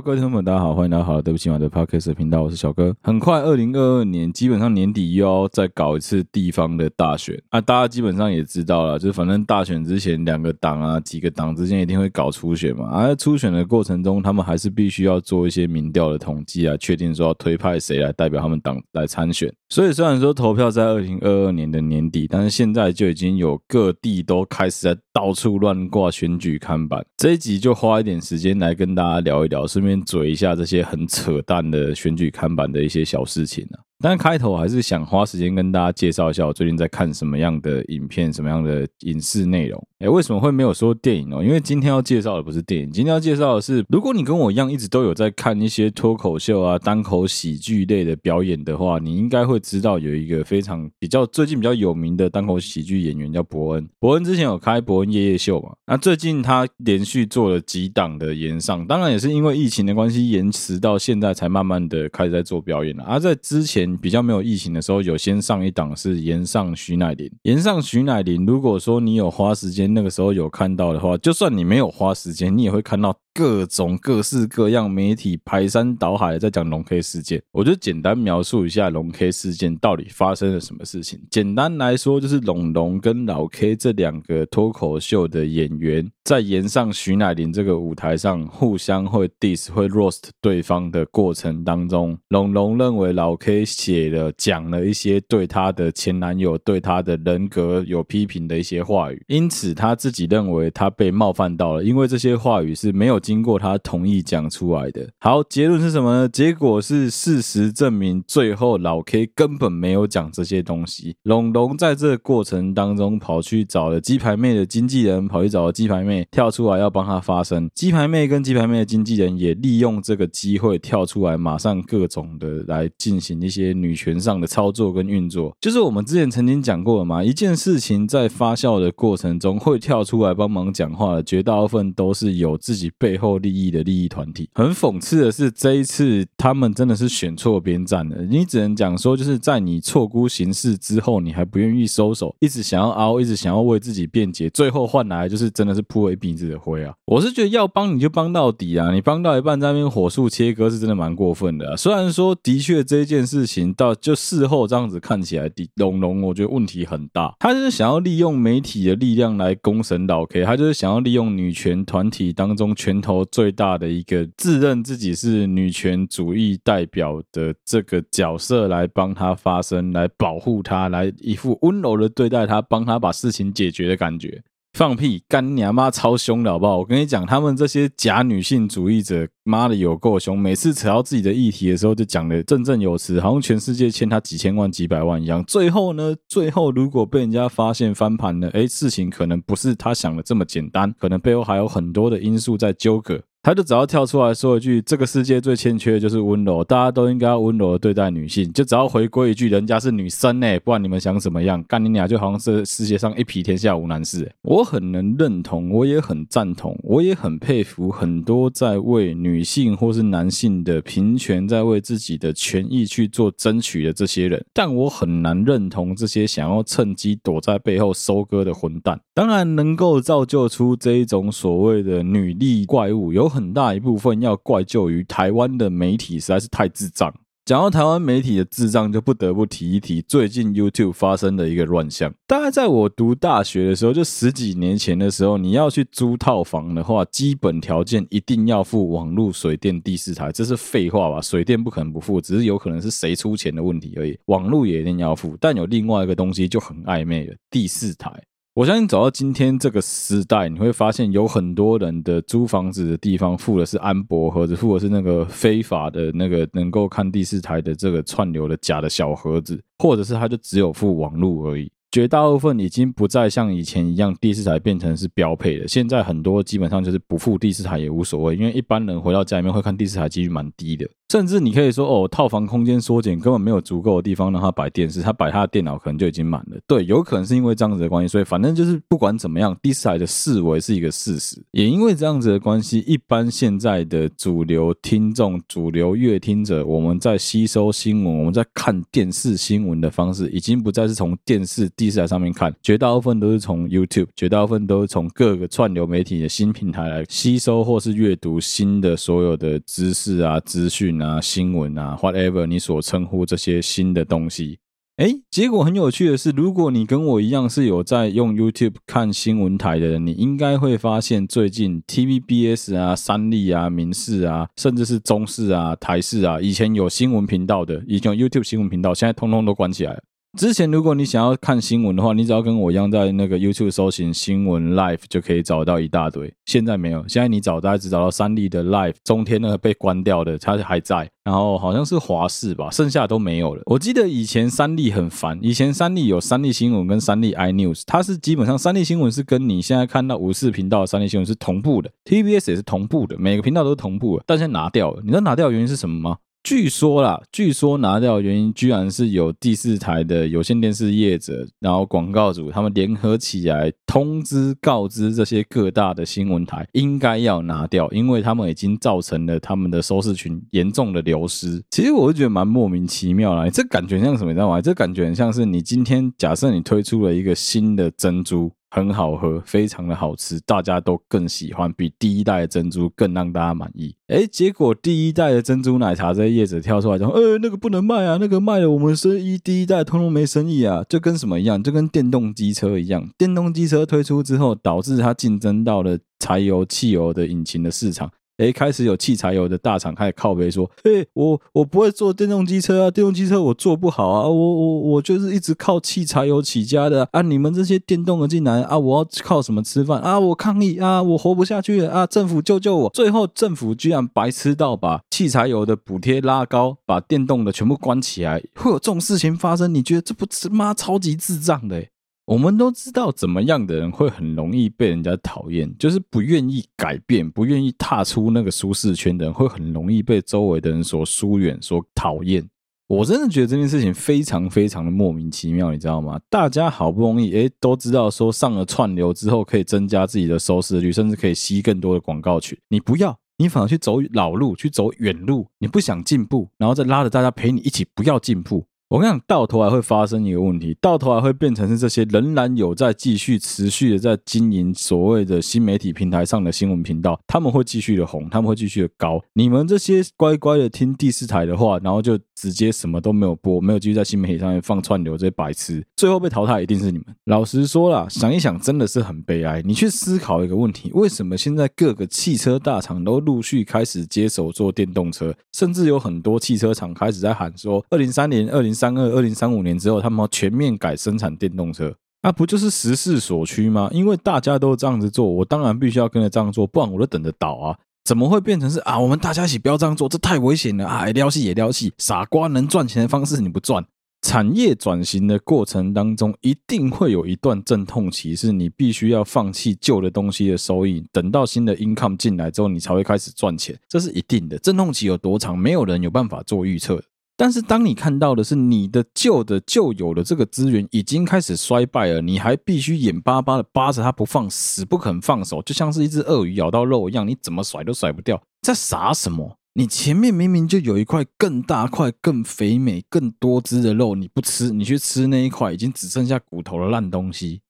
各位朋友，大家好，歡迎大家好，對不起，我的 Podcast 頻道，我是小哥。很快年，二零二二年基本上年底又要再搞一次地方的大選啊，大家基本上也知道了，就是反正大選之前，兩個黨啊，幾個黨之間一定會搞初選嘛，而、啊、初選的過程中，他們還是必須要做一些民調的統計啊，確定說要推派誰來代表他們黨來參選。所以，雖然說投票在二零二二年的年底，但是現在就已經有各地都開始在到處亂掛選舉看板。這一集就花一點時間來跟大家聊一聊，順便嘴一下這些很扯淡的選舉看板的一些小事情了啊。但是開頭我還是想花時間跟大家介紹一下我最近在看什麼樣的影片、什麼樣的影視內容。誒、欸，為什麼會沒有說電影哦？因為今天要介紹的不是電影，今天要介紹的是，如果你跟我一樣一直都有在看一些脫口秀啊、單口喜劇類的表演的話，你應該會知道有一個非常比較最近比較有名的單口喜劇演員叫博恩。博恩之前有開博恩夜夜秀嘛？那最近他連續做了幾檔的演唱，當然也是因為疫情的關係，延遲到現在才慢慢的開始在做表演了。而、啊、在之前。比較沒有疫情的時候，有先上一檔是岩上徐乃麟。岩上徐乃麟，如果說你有花時間，那個時候有看到的話，就算你沒有花時間，你也會看到。各種各式各樣媒體排山倒海在講龍 K 事件，我就簡單描述一下龍 K 事件到底發生了什麼事情。簡單來說，就是龍龍跟老 K 這兩個脫口秀的演員在炎上徐乃麟這個舞臺上互相會 diss 會 roast 對方的過程當中，龍龍認為老 K 寫了講了一些對他的前男友對他的人格有批評的一些話語，因此他自己認為他被冒犯到了，因為這些話語是沒有。經過他同意講出來的。好，結論是什麼呢？結果是事實證明，最後老 K 根本沒有講這些東西。龍龍在這過程當中跑去找了雞排妹的經紀人，跑去找了雞排妹，跳出來要幫他發聲。雞排妹跟雞排妹的經紀人也利用這個機會跳出來，馬上各種的來進行一些女權上的操作跟運作。就是我們之前曾經講過的嘛，一件事情在發酵的過程中會跳出來幫忙講話的，絕大部分都是有自己被。背後利益的利益團體，很諷刺的是，這一次他們真的是選錯邊站了。你只能講說，就是在你錯估形勢之後，你還不願意收手，一直想要凹，一直想要為自己辯解，最後換來就是真的是鋪一鼻子的灰啊！我是覺得要幫你就幫到底啊，你幫到一半在那邊火速切割，是真的蠻過分的啊。雖然說的確這件事情到就事後這樣子看起來，的，龍龍我覺得問題很大。他就是想要利用媒體的力量來公審老 K，他就是想要利用女權團體當中全。頭最大的一個自認自己是女權主義代表的這個角色來幫他發聲，來保護他，來一副溫柔的對待他，幫他把事情解決的感覺。放屁！乾娘媽超凶的好不好？我跟你講，他們這些假女性主義者，媽的有夠凶。每次扯到自己的議題的時候，就講的振振有詞，好像全世界欠他幾千萬、幾百萬一樣。最後呢，最後如果被人家發現翻盤呢，誒，事情可能不是他想的這麼簡單，可能背後還有很多的因素在糾葛。他就只要跳出來說一句：“這個世界最欠缺的就是溫柔，大家都應該溫柔的對待女性。”就只要回歸一句：“人家是女生呢，欸，不管你們想怎麼樣，干你倆就好像是世界上一匹天下無難事。欸。”我很能認同，我也很贊同，我也很佩服很多在為女性或是男性的平權，在為自己的權益去做爭取的這些人。但我很難認同這些想要趁機躲在背後收割的混蛋。當然，能夠造就出這一種所謂的女力怪物，有。很大一部分要怪咎於台灣的媒體實在是太智障。講到台灣媒體的智障，就不得不提一提最近 YouTube 發生的一個亂象。大概在我讀大學的時候，就十幾年前的時候，你要去租套房的話，基本條件一定要附網絡、水電、第四台，這是廢話吧？水電不可能不附，只是有可能是誰出錢的問題而已。網絡也一定要附，但有另外一個東西就很曖昧了，第四台。我相信走到今天這個時代，你會發現有很多人的租房子的地方付的是安博盒子，付的是那個非法的那個能夠看第四台的這個串流的假的小盒子，或者是他就只有付網絡而已。絕大部分已經不再像以前一樣，第四台變成是標配了。現在很多基本上就是不付第四台也無所謂，因為一般人回到家裡面會看第四台幾率蠻低的。甚至你可以說，哦，套房空間縮減，根本沒有足夠的地方讓他擺電視，他擺他的電腦可能就已經滿了。對，有可能是因為這樣子的關係，所以反正就是不管怎麼樣，第四台的式微是一個事實。也因為這樣子的關係，一般現在的主流聽眾、主流閱聽者，我們在吸收新聞、我們在看電視新聞的方式，已經不再是從電視、第四台上面看，絕大部分都是從 YouTube，絕大部分都是從各個串流媒體的新平台來吸收或是閱讀新的所有的知識啊資訊。啊，新聞啊，whatever 你所稱呼這些新的東西，誒、欸，結果很有趣的是，如果你跟我一樣是有在用 YouTube 看新聞台的人，你應該會發現，最近 TVBS 啊、三立啊、民視啊，甚至是中視啊、台視啊，以前有新聞頻道的，以前有 YouTube 新聞頻道，現在通通都關起來了。之前如果你想要看新聞的話，你只要跟我一樣在那個 YouTube 搜尋新聞 Live 就可以找到一大堆。現在沒有，現在你找大概只找到三立的 Live，中天那個被關掉的，它還在，然後好像是華視吧，剩下都沒有了。我記得以前三立很煩，以前三立有三立新聞跟三立 i News，它是基本上三立新聞是跟你現在看到五四頻道的三立新聞是同步的，TBS 也是同步的，每個頻道都同步的。但現在拿掉了。你知道拿掉的原因是什麼嗎？據說啦，據說拿掉的原因居然是有第四台的有線電視業者，然後廣告主他們聯合起來通知告知這些各大的新聞台，應該要拿掉，因為他們已經造成了他們的收視群嚴重的流失。其實我覺得蠻莫名其妙啦，這感覺像什麼？你知道嗎？這感覺很像是你今天假設你推出了一個新的珍珠。很好喝，非常的好吃，大家都更喜歡，比第一代的珍珠更讓大家滿意。哎，結果第一代的珍珠奶茶這葉子跳出來就呃，那個不能賣啊，那個賣了我們生意，第一代通通沒生意啊，就跟什麼一樣，就跟電動機車一樣，電動機車推出之後，導致它競爭到了柴油、汽油的引擎的市場。誒、欸，開始有汽柴油的大廠開始靠北說：“誒我我不會做電動機車啊，電動機車我做不好啊，我我我就是一直靠汽柴油起家的啊，啊，你們這些電動的進來啊，我要靠什麼吃飯啊？我抗議啊，我活不下去了啊！政府救救我！”最後政府居然白癡到把汽柴油的補貼拉高，把電動的全部關起來，會有這種事情發生？你覺得這不是媽超級智障的、欸？我們都知道怎麼樣的人會很容易被人家討厭，就是不願意改變、不願意踏出那個舒適圈的人，會很容易被周圍的人所疏遠、所討厭。我真的覺得這件事情非常非常的莫名其妙，你知道嗎？大家好不容易誒都知道說上了串流之後可以增加自己的收視率，甚至可以吸更多的廣告群。你不要，你反而去走老路，去走遠路，你不想進步，然後再拉着大家陪你一起不要進步。我跟你講，到頭來會發生一個問題，到頭來會變成是這些仍然有在繼續持續的在經營所謂的新媒體平台上的新聞頻道，他們會繼續的紅，他們會繼續的高。你們這些乖乖的聽第四台的話，然後就直接什麼都沒有播，沒有繼續在新媒體上面放串流，這些白痴，最後被淘汰一定是你們。老實說啦，想一想真的是很悲哀。你去思考一個問題，為什麼現在各個汽車大廠都陸續開始接手做電動車，甚至有很多汽車廠開始在喊說，二零三零、二零。三二二零三五年之後，他們要全面改生產電動車，那不就是時勢所趨嗎？因為大家都這樣子做，我當然必須要跟着這樣做，不然我都等得到啊！怎麼會變成是啊？我們大家一起不要這樣做，這太危險了啊！也撩戲也撩戲，傻瓜能賺錢的方式你不賺，產業轉型的過程當中一定會有一段陣痛期，是你必須要放棄舊的東西的收益，等到新的 income 進來之後，你才會開始賺錢，這是一定的。陣痛期有多長，沒有人有辦法做預測。但是當你看到的是你的舊的舊有的這個資源已經開始衰敗了，你還必須眼巴巴的扒着它不放，死不肯放手，就像是一隻鱷魚咬到肉一樣，你怎麼甩都甩不掉，在傻什麼？你前面明明就有一塊更大塊、更肥美、更多汁的肉，你不吃，你去吃那一塊已經只剩下骨頭的爛東西。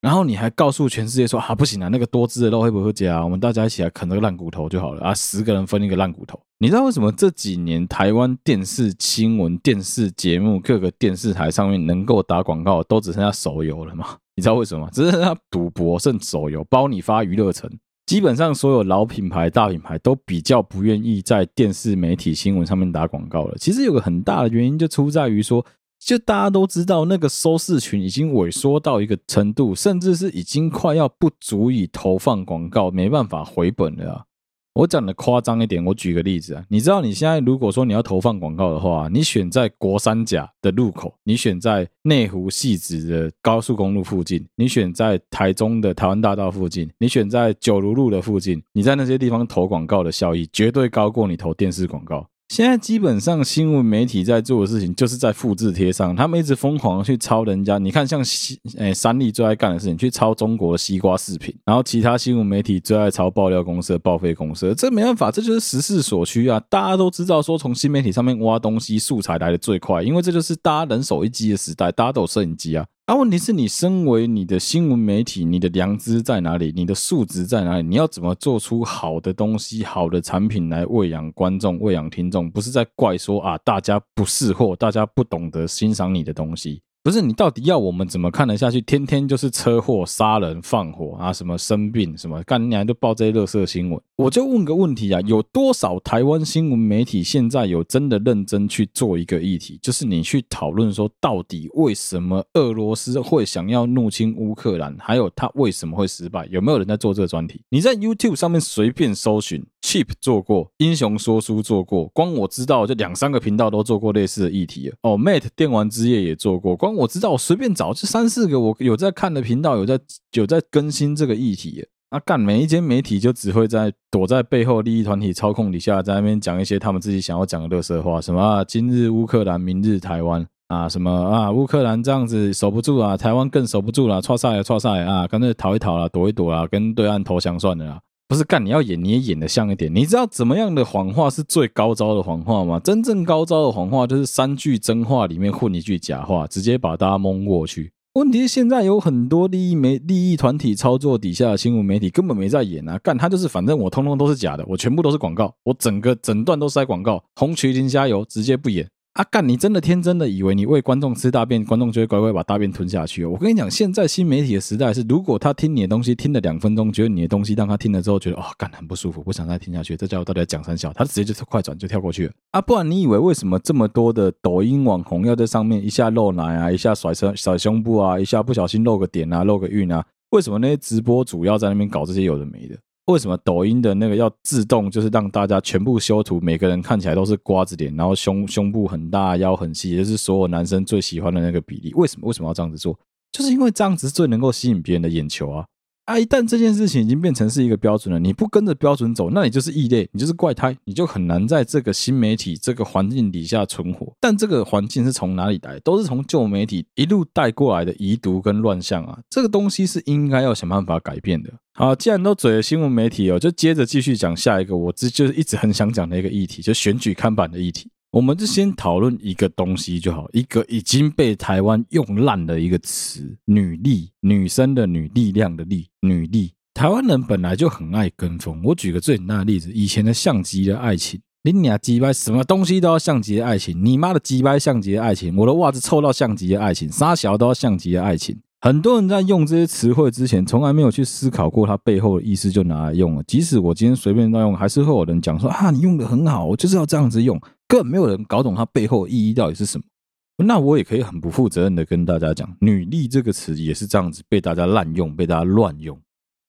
然後你還告訴全世界說啊，不行啊，那個多汁的肉會不會夾啊？我們大家一起來啃那個爛骨頭就好了啊！十個人分一個爛骨頭。你知道為什麼這幾年台灣電視新聞、電視節目各個電視台上面能夠打廣告的，都只剩下手遊了嗎？你知道為什麼？只剩下賭博勝手遊包你發娛樂城。基本上所有老品牌、大品牌都比較不願意在電視媒體、新聞上面打廣告了。其實有個很大的原因，就出在於說。就大家都知道，那個收視群已經萎縮到一個程度，甚至是已經快要不足以投放廣告，沒辦法回本了啊。我講的誇張一點，我舉個例子啊，你知道你現在如果說你要投放廣告的話，你選在國三甲的路口，你選在內湖汐止的高速公路附近，你選在台中的台灣大道附近，你選在九如路的附近，你在那些地方投廣告的效益絕對高過你投電視廣告。現在基本上新聞媒體在做的事情，就是在複製貼上。他們一直瘋狂的去抄人家。你看像西，像、欸、三立最愛幹的事情，去抄中國的西瓜視頻，然後其他新聞媒體最愛抄爆料公司的報廢公司。這沒辦法，這就是時勢所需啊！大家都知道，說從新媒體上面挖東西素材來得最快，因為這就是大家人手一機的時代，大家都有攝影機啊。啊，問題是，你身為你的新聞媒體，你的良知在哪裡？你的素質在哪裡？你要怎麼做出好的東西、好的產品來餵養觀眾、餵養聽眾？不是在怪說啊，大家不識貨，大家不懂得欣賞你的東西。不是，你到底要我們怎麼看得下去？天天就是車禍、殺人、放火啊，什麼生病什麼，幹娘就報這些垃圾新聞。我就問個問題啊，有多少台灣新聞媒體現在有真的認真去做一個議題？就是你去討論說，到底為什麼俄羅斯會想要入侵烏克蘭，還有他為什麼會失敗？有沒有人在做這個專題？你在 YouTube 上面隨便搜尋，Cheap 做過，英雄說書做過，光我知道就兩三個頻道都做過類似的議題。哦、oh,，Mate 電玩之夜也做過，光我知道，我隨便找就三四個，我有在看的頻道有在有在更新這個議題。啊，幹！每一間媒體就只會在躲在背後利益團體操控底下，在那邊講一些他們自己想要講的垃圾話，什麼啊，今日烏克蘭，明日台灣啊，什麼啊，烏克蘭這樣子守不住啊，台灣更守不住啊了，挫賽啊，挫賽啊，乾脆逃一逃啊，躲一躲啊，跟對岸投降算了啦。不是幹，你要演你也演得像一點。你知道怎麼樣的謊話是最高招的謊話嗎？真正高招的謊話就是三句真話裡面混一句假話，直接把大家蒙過去。問題是現在有很多利益媒利益團體操作底下的新聞媒體根本沒在演啊，幹！他就是反正我通通都是假的，我全部都是廣告，我整個整段都塞廣告，紅麒麟加油，直接不演。啊幹！你真的天真的以為你餵觀眾吃大便，觀眾就會乖乖把大便吞下去哦？我跟你講，現在新媒體的時代是，如果他聽你的東西聽了兩分鐘，覺得你的東西讓他聽了之後覺得哦，幹很不舒服，不想再聽下去，這家伙到底講三小，他直接就是快轉就跳過去了啊！不然你以為為什麼這麼多的抖音網紅要在上面一下露奶啊，一下甩身甩胸部啊，一下不小心露個點啊，露個暈啊？為什麼那些直播主要在那邊搞這些有的沒的？為什麼抖音的那個要自動就是讓大家全部修圖，每個人看起來都是瓜子臉，然後胸胸部很大，腰很細，也就是所有男生最喜歡的那個比例？為什麼為什麼要這樣子做？就是因為這樣子最能夠吸引別人的眼球啊。哎、啊，一旦這件事情已經變成是一個標準了，你不跟着標準走，那你就是異類，你就是怪胎，你就很難在這個新媒體這個環境底下存活。但這個環境是從哪裡來？都是從舊媒體一路帶過來的遺毒跟亂象啊！這個東西是應該要想辦法改變的。好，既然都嘴了新聞媒體哦，就接着繼續講下一個，我這就是一直很想講的一個議題，就選舉看板的議題。我們就先討論一個東西就好，一個已經被台灣用爛的一個詞——女力，女生的女力量的力，女力。台灣人本來就很愛跟風。我舉個最簡單的例子，以前的像極了愛情，你媽雞掰，什麼東西都要像極了愛情，你媽的雞掰像極了愛情，我的襪子臭到像極了愛情，啥小都要像極了愛情。很多人在用這些詞彙之前，從來沒有去思考過它背後的意思，就拿來用了。即使我今天隨便亂用，還是會有人講說：“啊，你用的很好，我就是要這樣子用。”更沒有人搞懂它背後的意義到底是什麼。那我也可以很不負責任的跟大家講，“女力”這個詞也是這樣子被大家濫用、被大家亂用。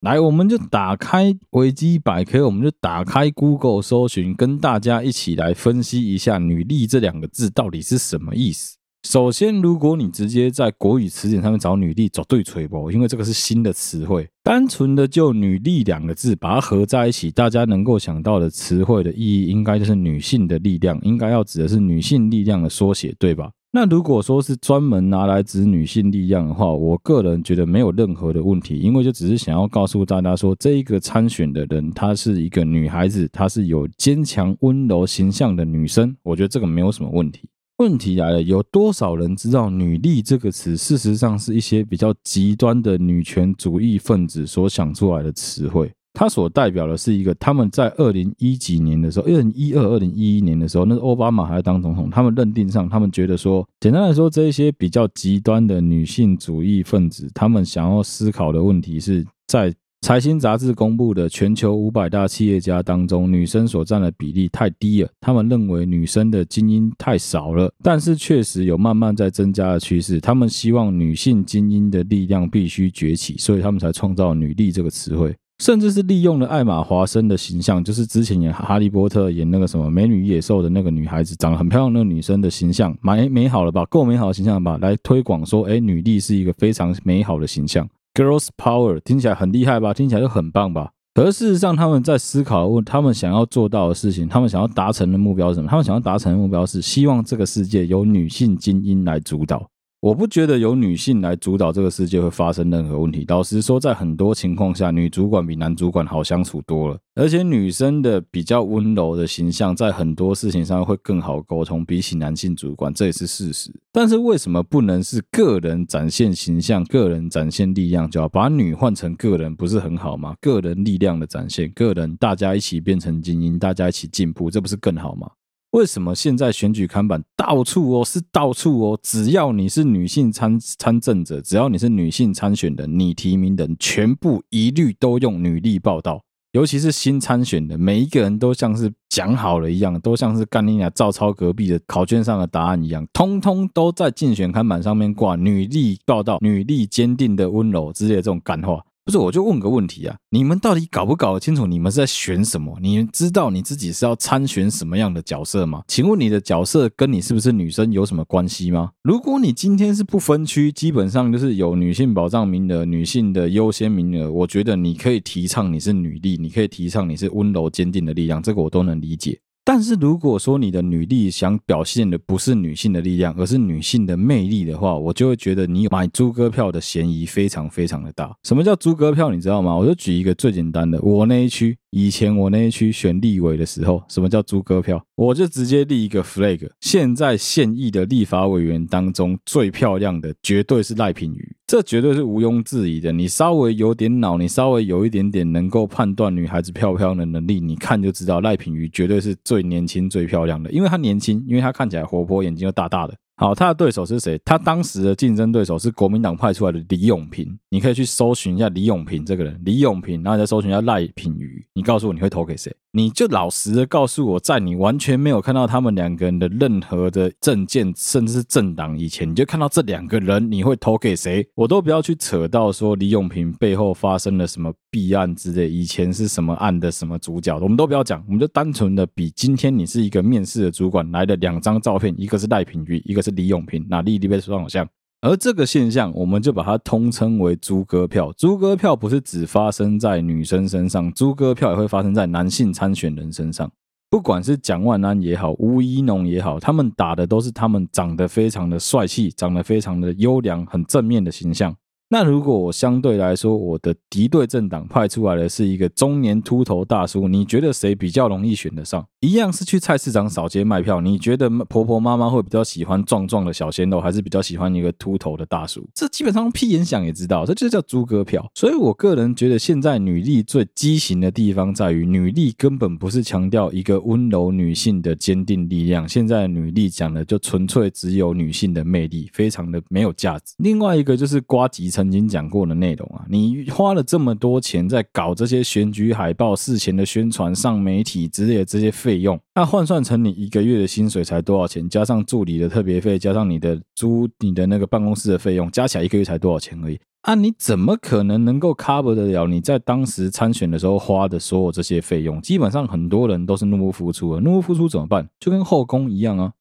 來，我們就打開維基百科，我們就打開 Google 搜尋，跟大家一起來分析一下“女力”這兩個字到底是什麼意思。首先，如果你直接在國語詞典上面找“女力”找對錘不？因為這個是新的詞彙，單純的就“女力”兩個字把它合在一起，大家能夠想到的詞彙的意義，應該就是女性的力量，應該要指的是女性力量的縮寫，對吧？那如果說是專門拿來指女性力量的話，我個人覺得沒有任何的問題，因為就只是想要告訴大家說，這一個參選的人，她是一個女孩子，她是有堅強溫柔形象的女生，我覺得這個沒有什麼問題。問題來了，有多少人知道“女力”這個詞？事實上，是一些比較極端的女權主義分子所想出來的詞彙。它所代表的是一個，他們在二零一幾年的時候，二零一二、二零一一年的時候，那是奧巴馬還在當總統。他們認定上，他們覺得說，簡單來說，這一些比較極端的女性主義分子，他們想要思考的問題是在。財新雜誌公布的全球五百大企業家當中，女生所占的比例太低了。他們認為女生的精英太少了，但是確實有慢慢在增加的趨勢。他們希望女性精英的力量必須崛起，所以他們才創造“女力”這個詞彙，甚至是利用了艾瑪·華生的形象，就是之前演《哈利波特》演那個什麼美女野獸的那個女孩子，長得很漂亮的那個女生的形象，蠻美好了吧？夠美好的形象吧？來推廣說，哎、欸，女力是一個非常美好的形象。Girls Power 聽起來很厲害吧？聽起來就很棒吧？可是事實上，他們在思考問他們想要做到的事情，他們想要達成的目標是什麼？他們想要達成的目標是希望這個世界由女性精英來主導。我不覺得由女性來主導這個世界會發生任何問題。老實說，在很多情況下，女主管比男主管好相處多了，而且女生的比較溫柔的形象，在很多事情上會更好溝通，比起男性主管，這也是事實。但是為什麼不能是個人展現形象、個人展現力量？就要把“女”換成“個人”，不是很好嗎？個人力量的展現，個人大家一起變成精英，大家一起進步，這不是更好嗎？為什麼現在選舉看板到處哦，是到處哦，只要你是女性參參政者，只要你是女性參選的，你提名的人全部一律都用女力報到。尤其是新參選的，每一個人都像是講好了一樣，都像是幹，你娘照抄隔壁的考卷上的答案一樣，通通都在競選看板上面掛女力報到、女力堅定的溫柔之類的這種感化。不是，我就問個問題啊，你們到底搞不搞得清楚？你們是在選什麼？你們知道你自己是要參選什麼樣的角色嗎？請問你的角色跟你是不是女生有什麼關係嗎？如果你今天是不分區，基本上就是有女性保障名額、女性的優先名額。我覺得你可以提倡你是女力，你可以提倡你是溫柔堅定的力量，這個我都能理解。但是如果說你的女力想表現的不是女性的力量，而是女性的魅力的話，我就會覺得你買豬哥票的嫌疑非常非常的大。什麼叫豬哥票？你知道嗎？我就舉一個最簡單的，我那一區以前我那一區選立委的時候，什麼叫豬哥票？我就直接立一個 flag。現在現役的立法委員當中最漂亮的，絕對是賴品妤。這絕對是毋庸置疑的。你稍微有點腦，你稍微有一點點能夠判斷女孩子漂不漂亮的能力，你看就知道賴品妤絕對是最年輕、最漂亮的。因為她年輕，因為她看起來活潑，眼睛又大大的。好，他的對手是誰？他當時的競爭對手是國民黨派出來的李永平，你可以去搜尋一下李永平這個人。李永平，然後再搜尋一下賴品妤。你告訴我你會投給誰？你就老實的告訴我，在你完全沒有看到他們兩個人的任何的政見，甚至是政黨以前，你就看到這兩個人，你會投給誰？我都不要去扯到說李永平背後發生了什麼弊案之類，以前是什麼案的什麼主角，我們都不要講，我們就單純的比今天你是一個面試的主管來了兩張照片，一個是賴品妤，一個是。是李永平哪裡都被撞像，而這個現象我們就把它通稱為“豬哥票”。豬哥票不是只發生在女生身上，豬哥票也會發生在男性參選人身上。不管是蔣萬安也好，吳怡農也好，他們打的都是他們長得非常的帥氣，長得非常的優良，很正面的形象。那如果我相對來說，我的敵對政黨派出來的是一個中年禿頭大叔，你覺得誰比較容易選得上？一樣是去菜市場掃街賣票，你覺得婆婆媽媽會比較喜歡壯壯的小鮮肉，還是比較喜歡一個禿頭的大叔？這基本上屁眼想也知道，這就叫豬哥票。所以我個人覺得，現在女力最畸形的地方在於，女力根本不是強調一個溫柔女性的堅定力量，現在女力講的就純粹只有女性的魅力，非常的沒有價值。另外一個就是瓜吉曾經講過的內容啊，你花了這麼多錢在搞這些選舉海報、事前的宣傳、上媒體，之類的這些。費用，那換算成你一個月的薪水才多少錢？加上助理的特別費，加上你的租你的那個辦公室的費用，加起來一個月才多少錢而已。啊，你怎麼可能能夠 cover 得了你在當時參選的時候花的所有這些費用？基本上很多人都是入不敷出啊，入不敷出怎麼辦？就跟後宮一樣啊。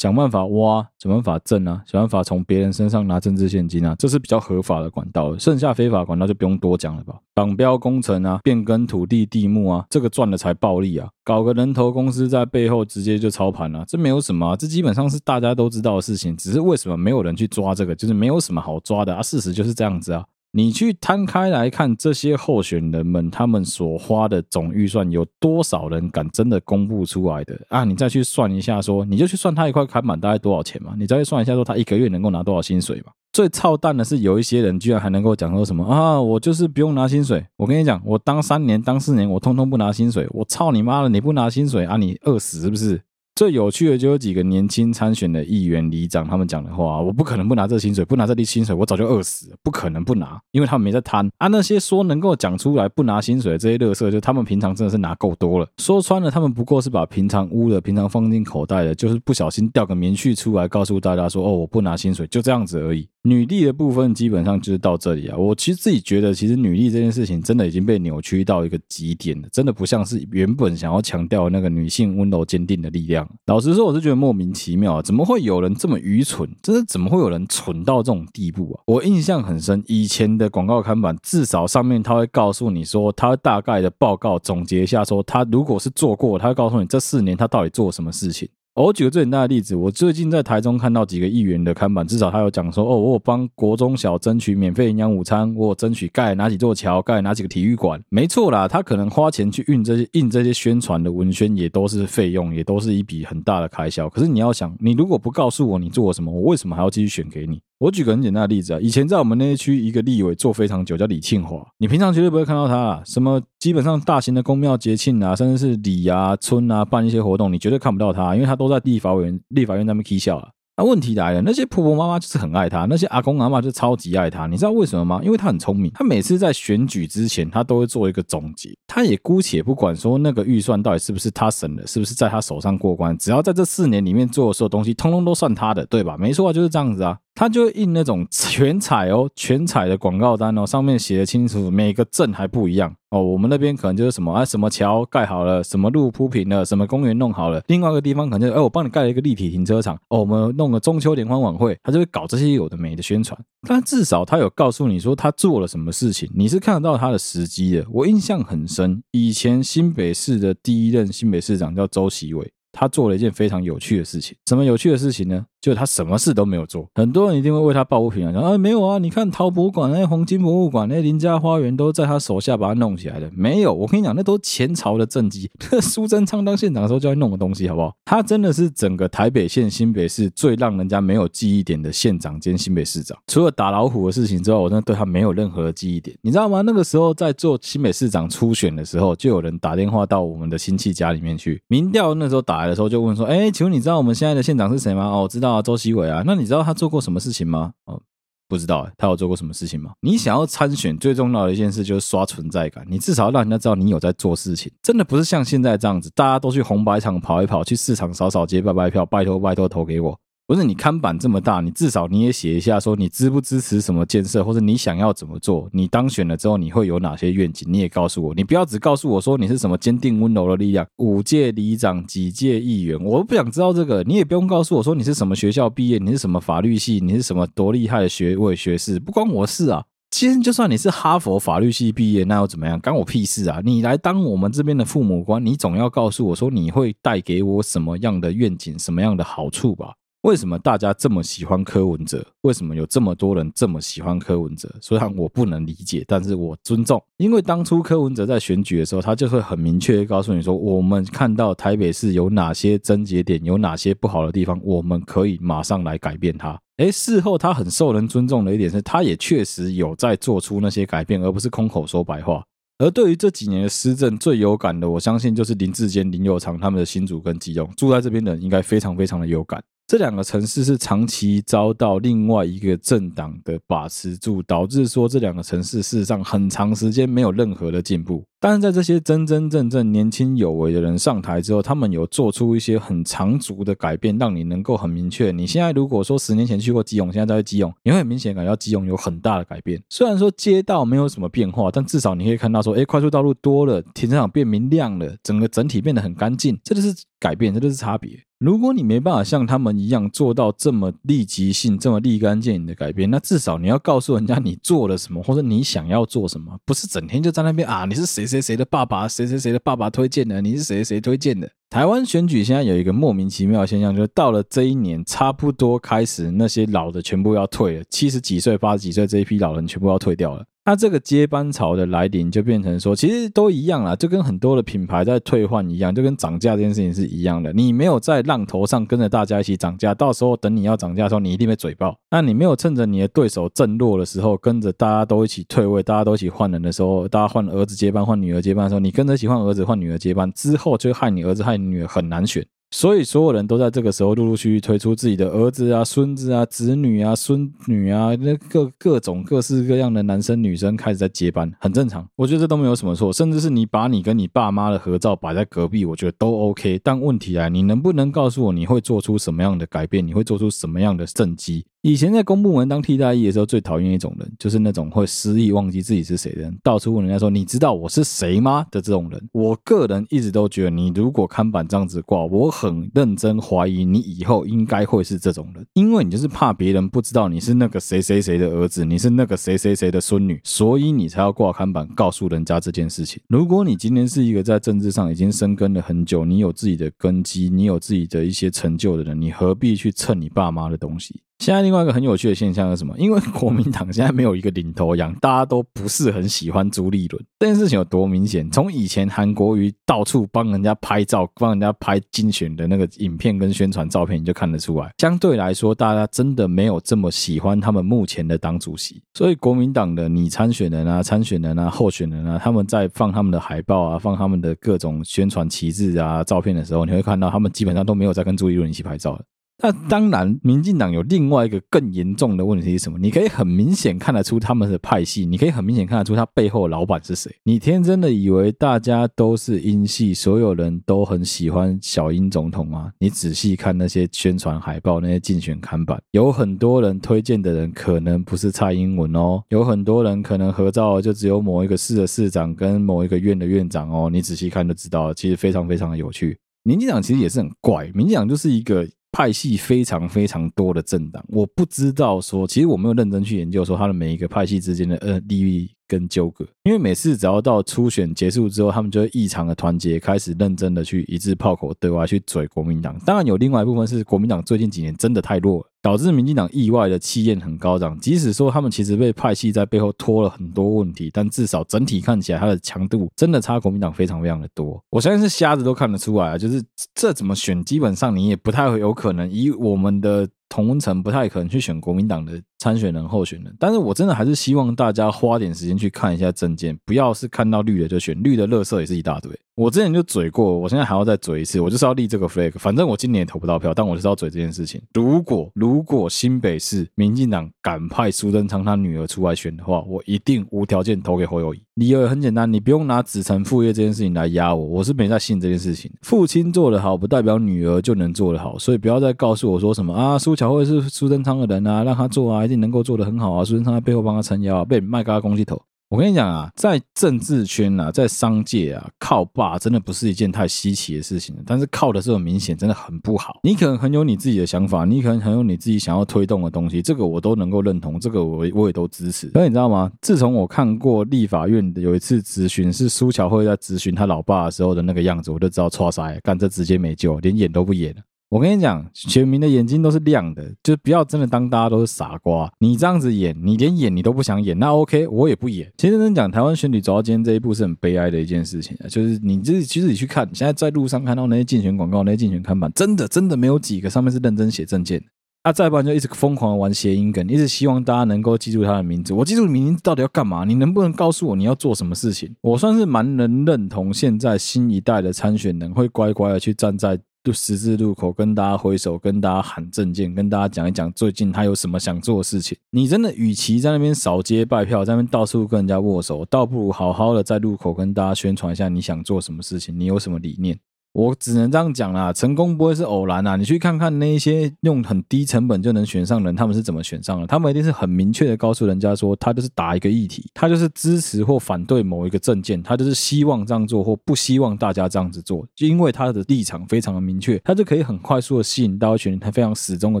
想辦法挖，想辦法掙啊，想辦法從別人身上拿政治現金啊，這是比較合法的管道的。剩下非法管道就不用多講了吧？綁標工程啊，變更土地地目啊，這個賺的才暴利啊！搞個人頭公司在背後直接就操盤了，啊，這沒有什麼啊，這基本上是大家都知道的事情。只是為什麼沒有人去抓這個？就是沒有什麼好抓的啊，事實就是這樣子啊。你去攤開來看這些候選人們，他們所花的總預算有多少人敢真的公布出來的啊？你再去算一下說，說你就去算他一塊看板大概多少錢嘛？你再去算一下，說他一個月能夠拿多少薪水嘛？最操蛋的是，有一些人居然還能夠講說什麼啊？我就是不用拿薪水。我跟你講，我當三年、當四年，我通通不拿薪水。我操你媽的！你不拿薪水啊？你餓死是不是？最有趣的就有幾個年輕參選的議員、里長，他們講的話啊，我不可能不拿這薪水，不拿這滴薪水，我早就餓死了，不可能不拿，因為他們沒在貪啊。那些說能夠講出來不拿薪水的這些樂色，就他們平常真的是拿夠多了。說穿了，他們不過是把平常汙的、平常放進口袋的，就是不小心掉個棉絮出來，告訴大家說：“哦，我不拿薪水，就這樣子而已。”女力的部分基本上就是到這裡啊。我其實自己覺得，其實女力這件事情真的已經被扭曲到一個極點了，真的不像是原本想要強調那個女性溫柔堅定的力量。老實說，我是覺得莫名其妙啊，怎麼會有人這麼愚蠢？真的怎麼會有人蠢到這種地步啊？我印象很深，以前的廣告看板至少上面他會告訴你說，他大概的報告總結一下說，說他如果是做過，他會告訴你這四年他到底做了什麼事情。哦，我舉個最簡單的例子，我最近在台中看到幾個議員的看板，至少他有講說，哦，我有幫國中小爭取免費營養午餐，我有爭取蓋哪幾座橋，蓋哪幾個體育館，沒錯啦，他可能花錢去印這些印這些宣傳的文宣，也都是費用，也都是一筆很大的開銷。可是你要想，你如果不告訴我你做了什麼，我為什麼還要繼續選給你？我舉個很簡單的例子啊，以前在我們那些區，一個立委做非常久，叫李慶華。你平常絕對不會看到他，啊，什麼基本上大型的宮廟節慶啊，甚至是里啊、村啊辦一些活動，你絕對看不到他，啊，因為他都在立法委員、立法院那邊踢校啊。那，啊、問題來了，那些婆婆媽媽就是很愛他，那些阿公阿嬤就超級愛他。你知道為什麼嗎？因為他很聰明，他每次在選舉之前，他都會做一個總結。他也姑且不管說那個預算到底是不是他省的，是不是在他手上過關，只要在這四年裡面做的所有東西，通通都算他的，對吧？沒錯啊，就是這樣子啊。他就印那種全彩哦，全彩的廣告單哦，上面寫得清楚，每一個鎮還不一樣哦。我們那邊可能就是什麼哎、啊，什麼橋蓋好了，什麼路鋪平了，什麼公園弄好了。另外一個地方可能就哎、是哦，我幫你蓋了一個立體停車場哦，我們弄個中秋聯歡晚會，他就會搞這些有的沒的宣傳。但至少他有告訴你說他做了什麼事情，你是看得到他的時機的。我印象很深，以前新北市的第一任新北市長叫周錫瑋，他做了一件非常有趣的事情。什麼有趣的事情呢？就他什麼事都沒有做，很多人一定會為他抱不平啊！講哎、欸，沒有啊！你看陶博館、那、欸、黃金博物館、那、欸、林家花園，都在他手下把他弄起來的。沒有，我跟你講，那都前朝的政績。蘇貞昌當縣長的時候，就會弄的東西，好不好？他真的是整個台北縣新北市最讓人家沒有記憶點的縣長兼新北市長。除了打老虎的事情之外，我真的對他沒有任何的記憶點。你知道嗎？那個時候在做新北市長初選的時候，就有人打電話到我們的親戚家裡面去，民調那時候打來的時候就問說：“哎、欸，請問你知道我們現在的縣長是誰嗎？”哦，我知道。啊，周錫瑋啊，那你知道他做過什麼事情嗎？哦，不知道、欸，他有做過什麼事情嗎？你想要參選，最重要的一件事就是刷存在感，你至少要讓人家知道你有在做事情。真的不是像現在這樣子，大家都去紅白場跑一跑，去市場掃掃街，拜拜票，拜託拜託投給我。不是，你看板這麼大，你至少你也寫一下，說你支不支持什麼建設，或者你想要怎麼做？你當選了之後，你會有哪些願景？你也告訴我。你不要只告訴我說你是什麼堅定溫柔的力量，五屆里長、幾屆議員，我都不想知道這個。你也不用告訴我說你是什麼學校畢業，你是什麼法律系，你是什麼多厲害的學位學士，不關我事啊。其實就算你是哈佛法律系畢業，那又怎麼樣？關我屁事啊！你來當我們這邊的父母官，你總要告訴我說你會帶給我什麼樣的願景，什麼樣的好處吧？為什麼大家這麼喜歡柯文哲？為什麼有這麼多人這麼喜歡柯文哲？雖然我不能理解，但是我尊重。因為當初柯文哲在選舉的時候，他就會很明確告訴你說：“我們看到台北市有哪些症結點，有哪些不好的地方，我們可以馬上來改變它。”哎，事後他很受人尊重的一點是，他也確實有在做出那些改變，而不是空口說白話。而對於這幾年的施政最有感的，我相信就是林智堅、林右昌他們的新竹跟基隆，住在這邊的人，應該非常非常的有感。這兩個城市是長期遭到另外一個政黨的把持住，導致說這兩個城市事實上很長時間沒有任何的進步。但是在這些真真正正年輕有為的人上台之後，他們有做出一些很長足的改變，讓你能夠很明確。你現在如果說十年前去過基隆，現在再去基隆，你會很明顯感覺到基隆有很大的改變。雖然說街道沒有什麼變化，但至少你可以看到說，誒，快速道路多了，停車場變明亮了，整個整體變得很乾淨，這就是改變，這就是差別。如果你沒辦法像他們一樣做到這麼立即性，這麼立竿見影的改變，那至少你要告訴人家你做了什麼，或者你想要做什麼，不是整天就在那邊啊，你是誰誰誰的爸爸，誰誰誰的爸爸推薦的？你是誰誰推薦的？台灣選舉現在有一個莫名其妙的現象，就是到了這一年，差不多開始那些老的全部要退了，七十幾歲、八十幾歲這一批老人全部要退掉了。它這個接班潮的來臨，就變成說，其實都一樣啦，就跟很多的品牌在退換一樣，就跟漲價這件事情是一樣的。你沒有在浪頭上跟着大家一起漲價，到時候等你要漲價的時候，你一定被嘴爆。那你沒有趁着你的對手震落的時候，跟着大家都一起退位，大家都一起換人的時候，大家換兒子接班，換女兒接班的時候，你跟着一起換兒子，換女兒接班之後，就害你兒子，害你女兒很難選。所以，所有人都在這個時候陸陸續續推出自己的兒子啊、孫子啊、子女啊、孫女啊，那各各種各式各樣的男生女生開始在接班，很正常。我覺得這都沒有什麼錯，甚至是你把你跟你爸媽的合照擺在隔壁，我覺得都 OK。但問題來，你能不能告訴我，你會做出什麼樣的改變？你會做出什麼樣的政見？以前在公部門當替代役的時候，最討厭一種人，就是那種會失憶忘記自己是誰的人，到處問人家說：“你知道我是誰嗎？”的這種人。我個人一直都覺得，你如果看板這樣子掛，我很認真懷疑你以後應該會是這種人，因為你就是怕別人不知道你是那個誰誰誰的兒子，你是那個誰誰誰的孫女，所以你才要掛看板告訴人家這件事情。如果你今天是一個在政治上已經生根了很久，你有自己的根基，你有自己的一些成就的人，你何必去蹭你爸媽的東西？現在另外一個很有趣的現象是什麼？因為國民黨現在沒有一個領頭羊，大家都不是很喜歡朱立倫。這件事情有多明顯？從以前韓國瑜到處幫人家拍照、幫人家拍競選的那個影片跟宣傳照片，你就看得出來。相對來說，大家真的沒有這麼喜歡他們目前的黨主席。所以，國民黨的你參選人啊、參選人啊、候選人啊，他們在放他們的海報啊、放他們的各種宣傳旗幟啊、照片的時候，你會看到他們基本上都沒有在跟朱立倫一起拍照的。那當然，民進黨有另外一個更嚴重的問題是什麼？你可以很明顯看得出他們的派系，你可以很明顯看得出他背後的老闆是誰。你天真的以為大家都是英系，所有人都很喜歡小英總統嗎？你仔細看那些宣傳海報、那些競選看板，有很多人推薦的人可能不是蔡英文哦。有很多人可能合照就只有某一個市的市長跟某一個院的院長哦。你仔細看就知道，其實非常非常的有趣。民進黨其實也是很怪，民進黨就是一個。派系非常非常多的政黨，我不知道說，其實我沒有認真去研究說他的每一個派系之間的呃利益跟糾葛，因為每次只要到初選結束之後，他們就會異常的團結，開始認真的去一致炮口對外去嘴國民黨。當然有另外一部分是國民黨最近幾年真的太弱了。導致民進黨意外的氣焰很高漲，即使說他們其實被派系在背後拖了很多問題，但至少整體看起來，它的強度真的差國民黨非常非常的多。我相信是瞎子都看得出來啊，就是這怎麼選，基本上你也不太會有可能以我們的。同溫層不太可能去選國民黨的參選人、候選人，但是我真的還是希望大家花點時間去看一下政見，不要是看到綠的就選綠的，樂色也是一大堆。我之前就嘴過，我現在還要再嘴一次，我就是要立這個 flag，反正我今年也投不到票，但我就是要嘴這件事情。如果如果新北市民進黨敢派蘇貞昌他女兒出來選的話，我一定無條件投給侯友宜。理由也很簡單，你不用拿子承父業這件事情來壓我，我是沒在信這件事情。父親做得好，不代表女兒就能做得好，所以不要再告訴我說什麼啊，蘇巧慧是蘇貞昌的人啊，讓他做啊，一定能夠做得很好啊，蘇貞昌在背後幫他撐腰啊，被麥哥攻擊頭。我跟你講啊，在政治圈啊，在商界啊，靠爸真的不是一件太稀奇的事情。但是靠的這種明顯真的很不好。你可能很有你自己的想法，你可能很有你自己想要推動的東西，這個我都能夠認同，這個我我也都支持。所以你知道嗎？自從我看過立法院的有一次質詢，是蘇巧慧在質詢她老爸的時候的那個樣子，我就知道啥，操塞干這直接沒救，連演都不演了。我跟你講，全民的眼睛都是亮的，就是不要真的當大家都是傻瓜。你這樣子演，你連演你都不想演，那 OK，我也不演。其實真講，台灣選舉走到今天這一步是很悲哀的一件事情啊。就是你自己其實你去看，現在在路上看到那些競選廣告、那些競選看板，真的真的沒有幾個上面是認真寫政見。啊，再不然就一直瘋狂的玩諧音梗，跟一直希望大家能夠記住他的名字。我記住你名字到底要幹嘛？你能不能告訴我你要做什麼事情？我算是蠻能認同，現在新一代的參選人會乖乖的去站在。就十字路口跟大家揮手，跟大家喊政見，跟大家講一講最近他有什麼想做的事情。你真的與其在那邊掃街拜票，在那邊到處跟人家握手，倒不如好好的在路口跟大家宣傳一下你想做什麼事情，你有什麼理念。我只能這樣講啦、啊，成功不會是偶然啦、啊，你去看看那一些用很低成本就能選上的人，他們是怎麼選上的？他們一定是很明確的告訴人家說，他就是打一個議題，他就是支持或反對某一個政見，他就是希望這樣做或不希望大家這樣子做，就因為他的立場非常的明確，他就可以很快速的吸引到一群他非常始終的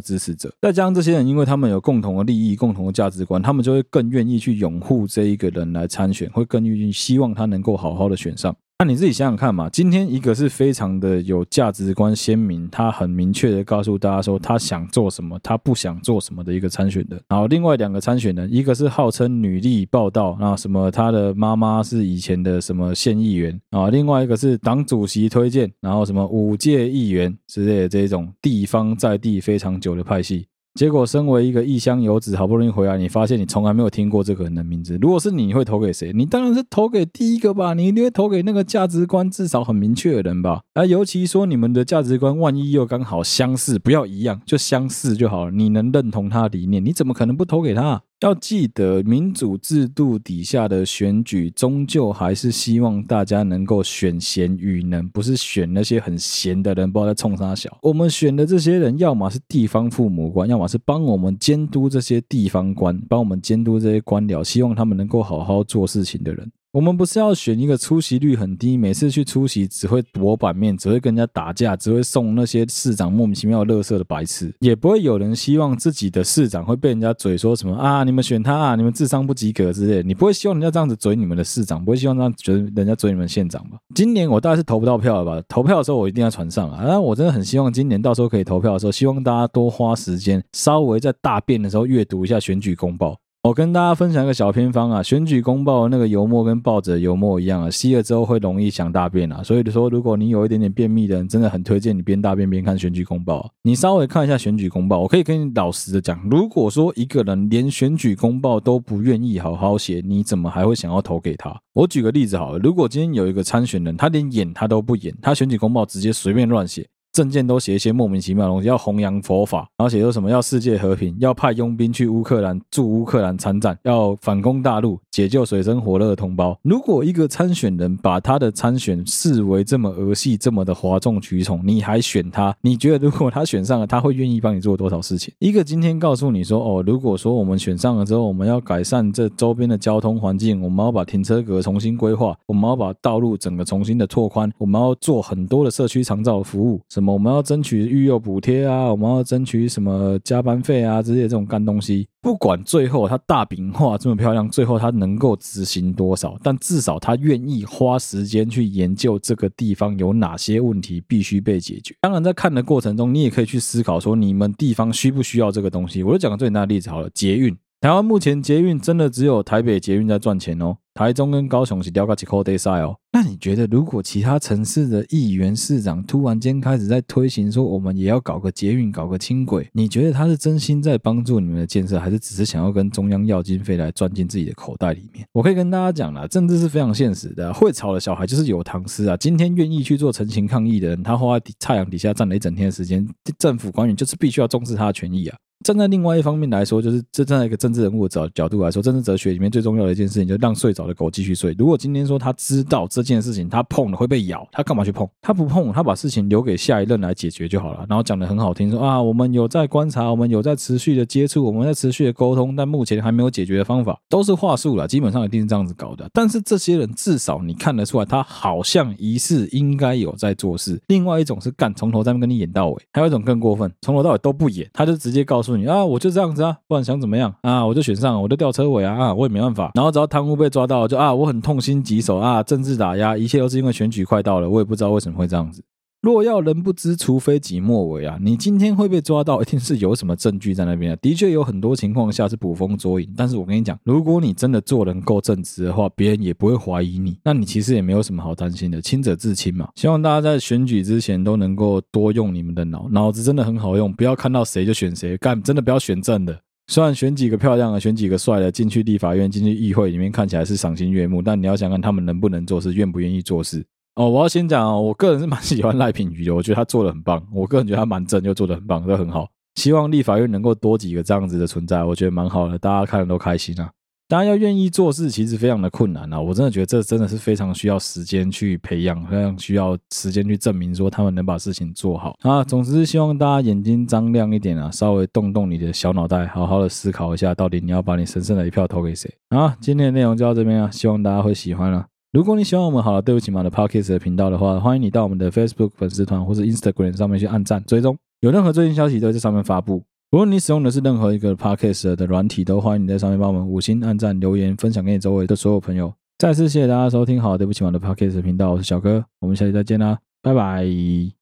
支持者。再加上這些人，因為他們有共同的利益、共同的價值觀，他們就會更願意去擁護這一個人來參選，會更願意希望他能夠好好的選上。那你自己想想看嘛，今天一個是非常的有價值觀鮮明，他很明確的告訴大家說他想做什麼，他不想做什麼的一個參選的，然後另外兩個參選呢，一個是號稱女力報到，那什麼他的媽媽是以前的什麼縣議員啊，然後另外一個是黨主席推薦，然後什麼五屆議員之類的這種地方在地非常久的派系。結果，身為一個異鄉游子，好不容易回來，你發現你從來沒有聽過這個人的名字。如果是你，會投給誰？你當然是投給第一個吧。你一定會投給那個價值觀至少很明確的人吧。而、啊、尤其說你們的價值觀，萬一又剛好相似，不要一樣，就相似就好了。你能認同他的理念，你怎麼可能不投給他？要記得，民主制度底下的選舉，終究還是希望大家能夠選賢與能，不是選那些很閒的人，不知道在衝啥小。我們選的這些人，要麼是地方父母官，要麼是幫我們監督這些地方官，幫我們監督這些官僚，希望他們能夠好好做事情的人。我們不是要選一個出席率很低，每次去出席只會奪版面，只會跟人家打架，只會送那些市長莫名其妙樂色的白痴，也不會有人希望自己的市長會被人家嘴說什麼啊？你們選他啊？你們智商不及格之類的，你不會希望人家這樣子嘴你們的市長，不會希望這樣人家嘴你們縣長吧？今年我大概是投不到票了吧？投票的時候我一定要船上，但我真的很希望今年到時候可以投票的時候，希望大家多花時間，稍微在大便的時候閱讀一下選舉公報。我跟大家分享一個小偏方啊，選舉公報那個油墨跟報紙的油墨一樣啊，吸了之後會容易想大便啊。所以說，如果你有一點點便秘的人，真的很推薦你邊大便邊看選舉公報啊。你稍微看一下選舉公報，我可以跟你老實的講，如果說一個人連選舉公報都不願意好好寫，你怎麼還會想要投給他？我舉個例子好了，如果今天有一個參選人，他連演他都不演，他選舉公報直接隨便亂寫，政見都寫一些莫名其妙的東西，要弘揚佛法，然後寫說什麼要世界和平，要派傭兵去烏克蘭駐烏克蘭參戰，要反攻大陸，解救水深火熱的同胞。如果一個參選人把他的參選視為這麼兒戲，這麼的譁眾取寵，你還選他？你覺得如果他選上了，他會願意幫你做多少事情？一個今天告訴你說，哦，如果說我們選上了之後，我們要改善這周邊的交通環境，我們要把停車格重新規劃，我們要把道路整個重新的拓寬，我們要做很多的社區長照服務，什麼？我們要爭取育幼補貼啊，我們要爭取什麼加班費啊，這些這種幹東西。不管最後它大餅畫這麼漂亮，最後它能夠執行多少，但至少他願意花時間去研究這個地方有哪些問題必須被解決。當然，在看的過程中，你也可以去思考說，你們地方需不需要這個東西。我就講個最簡單的例子好了，捷運。台灣目前捷運真的只有台北捷運在賺錢哦，台中跟高雄是吊個幾塊大賽哦。那你覺得，如果其他城市的議員市長突然間開始在推行說，我們也要搞個捷運，搞個輕軌，你覺得他是真心在幫助你們的建設，還是只是想要跟中央要經費來賺進自己的口袋裡面？我可以跟大家講啦，政治是非常現實的，會吵的小孩就是有糖吃啊。今天願意去做陳情抗議的人，他花在太陽底下站了一整天的時間，政府官員就是必須要重視他的權益啊。站在另外一方面來說，就是這站在一個政治人物的角角度來說，政治哲學裡面最重要的一件事情，就是讓睡着的狗繼續睡。如果今天說他知道這件事情，他碰了會被咬，他幹嘛去碰？他不碰，他把事情留給下一任來解決就好了。然後講的很好聽說，說啊，我們有在觀察，我們有在持續的接觸，我們在持續的溝通，但目前還沒有解決的方法，都是話術啦。基本上一定是這樣子搞的。但是這些人至少你看得出來，他好像疑似應該有在做事。另外一種是幹從頭再面跟你演到尾，還有一種更過分，從頭到尾都不演，他就直接告訴。你啊，我就這樣子啊，不管想怎麼樣啊，我就選上，我就吊車尾啊，啊，我也沒辦法。然後只要貪污被抓到了，就啊，我很痛心疾首啊，政治打壓，一切都是因為選舉快到了，我也不知道為什麼會這樣子。若要人不知，除非己莫為啊！你今天會被抓到，一定是有什麼證據在那邊。的確有很多情況下是捕風捉影，但是我跟你講，如果你真的做人夠正直的話，別人也不會懷疑你。那你其實也沒有什麼好擔心的，清者自清嘛。希望大家在選舉之前都能夠多用你們的腦，腦子真的很好用，不要看到誰就選誰，幹，真的不要選正的。雖然選幾個漂亮的，選幾個帥的進去立法院、進去議會裡面看起來是賞心悅目，但你要想看他們能不能做事，願不願意做事。哦，我要先講啊、哦，我個人是蠻喜歡賴品妤的，我覺得他做的很棒，我個人覺得他蠻正，又做的很棒，都很好。希望立法院能夠多幾個這樣子的存在，我覺得蠻好的，大家看都開心啊。當然要願意做事，其實非常的困難啊，我真的覺得這真的是非常需要時間去培養，非常需要時間去證明說他們能把事情做好啊。總之，希望大家眼睛張亮，亮一點啊，稍微動動你的小腦袋，好好的思考一下，到底你要把你神聖的一票投給誰啊？今天的內容就到這邊啊，希望大家會喜歡啊。如果你喜歡我們好了，對不起嘛的 podcast 頻道的話，歡迎你到我們的 Facebook 粉絲團或者 Instagram 上面去按讚追蹤，有任何最新消息都在上面發布。如果你使用的是任何一個 podcast 的軟體，都歡迎你在上面幫我們五星按讚、留言、分享給你周圍的所有朋友。再次謝謝大家收聽好了，對不起嘛的 podcast 頻道，我是小哥，我們下期再見啦，拜拜。